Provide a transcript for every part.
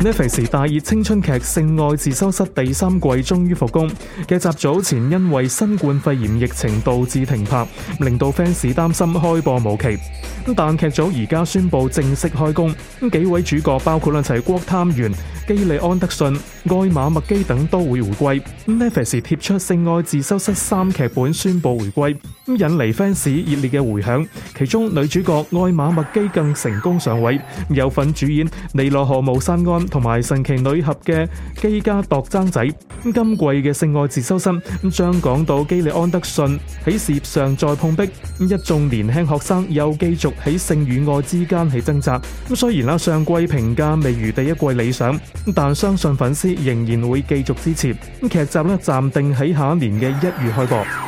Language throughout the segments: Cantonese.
n e f 大熱青春劇《性愛自修室》第三季終於復工。劇組早前因為新冠肺炎疫情導致停拍，令到 fans 擔心開播無期。但劇組而家宣布正式開工。幾位主角包括啦齊國探員基利安德遜、愛馬麥基等都會回歸。n e f 貼出《性愛自修室》三劇本宣布回歸，引嚟 fans 熱烈嘅回響。其中女主角愛馬麥基更成功上位，有份主演尼羅河姆山安。同埋神奇女俠嘅姬嘉鐸爭仔。今季嘅性愛自修室，將將講到基里安德遜喺事業上再碰壁，一眾年輕學生又繼續喺性與愛之間起掙扎。雖然啊上季評價未如第一季理想，但相信粉絲仍然會繼續支持。咁劇集呢暫定喺下一年嘅一月開播。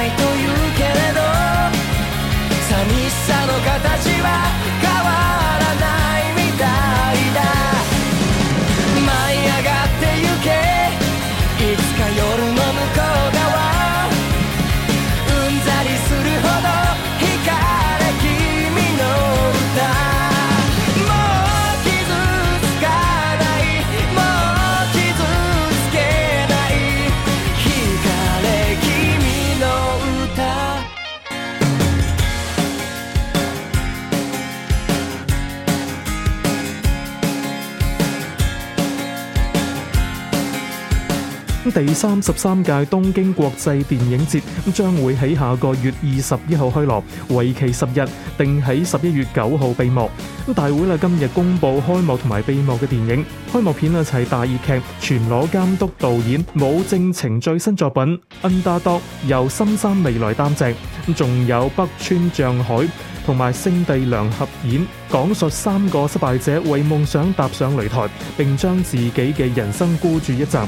第三十三屆東京國際電影節咁將會喺下個月二十一號開鑼，為期十日，定喺十一月九號閉幕。咁大會啦，今日公布開幕同埋閉幕嘅電影，開幕片呢就係、是、大熱劇，全裸監督導演武正晴最新作品《Underdog》，由森山未來擔正，仲有北村匠海同埋勝地涼合演，講述三個失敗者為夢想踏上擂台，並將自己嘅人生孤注一擲。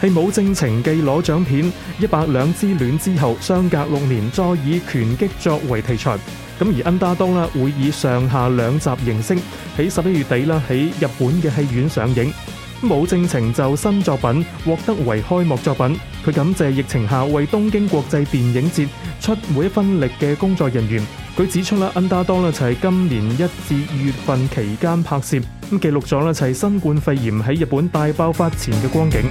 係武正情繼攞獎片《一百兩之戀》之後，相隔六年再以拳擊作為題材。咁而恩達多呢，會以上下兩集形式喺十一月底啦，喺日本嘅戲院上映。武正情就新作品獲得為開幕作品。佢感謝疫情下為東京國際電影節出每一分力嘅工作人員。佢指出啦，恩達多啦就係今年一至二月份期間拍攝，咁記錄咗呢，就係新冠肺炎喺日本大爆發前嘅光景。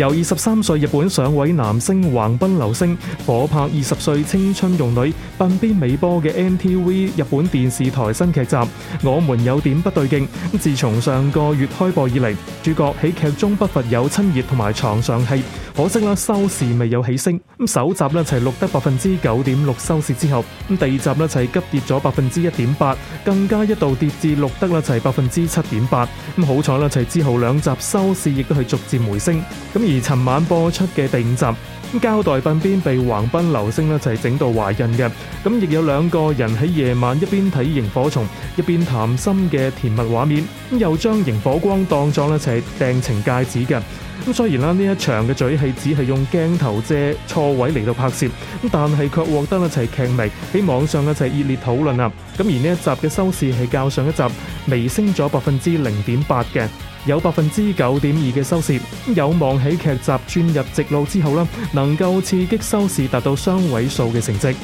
由二十三歲日本上位男星橫濱流星火拍二十歲青春用女鬢邊美波嘅 NTV 日本電視台新劇集《我們有點不對勁》自從上個月開播以嚟，主角喺劇中不乏有親熱同埋床上戲，可惜啦收視未有起升。咁首集咧就係錄得百分之九點六收視之後，咁第二集咧就急跌咗百分之一點八，更加一度跌至錄得啦就係百分之七點八。咁好彩啦，就係之後兩集收視亦都係逐漸回升咁。而尋晚播出嘅第五集，咁交代鬢邊被橫濱流星咧就係整到懷孕嘅，咁亦有兩個人喺夜晚一邊睇螢火蟲一邊談心嘅甜蜜畫面，咁又將螢火光當作一齊訂情戒指嘅。咁雖然啦呢一場嘅嘴戲只係用鏡頭遮錯位嚟到拍攝，咁但係卻獲得一齊劇迷喺網上一齊熱烈討論啊。咁而呢一集嘅收視係較上一集微升咗百分之零點八嘅。有百分之九點二嘅收視，有望喺劇集轉入直路之後呢，能夠刺激收視達到雙位數嘅成績。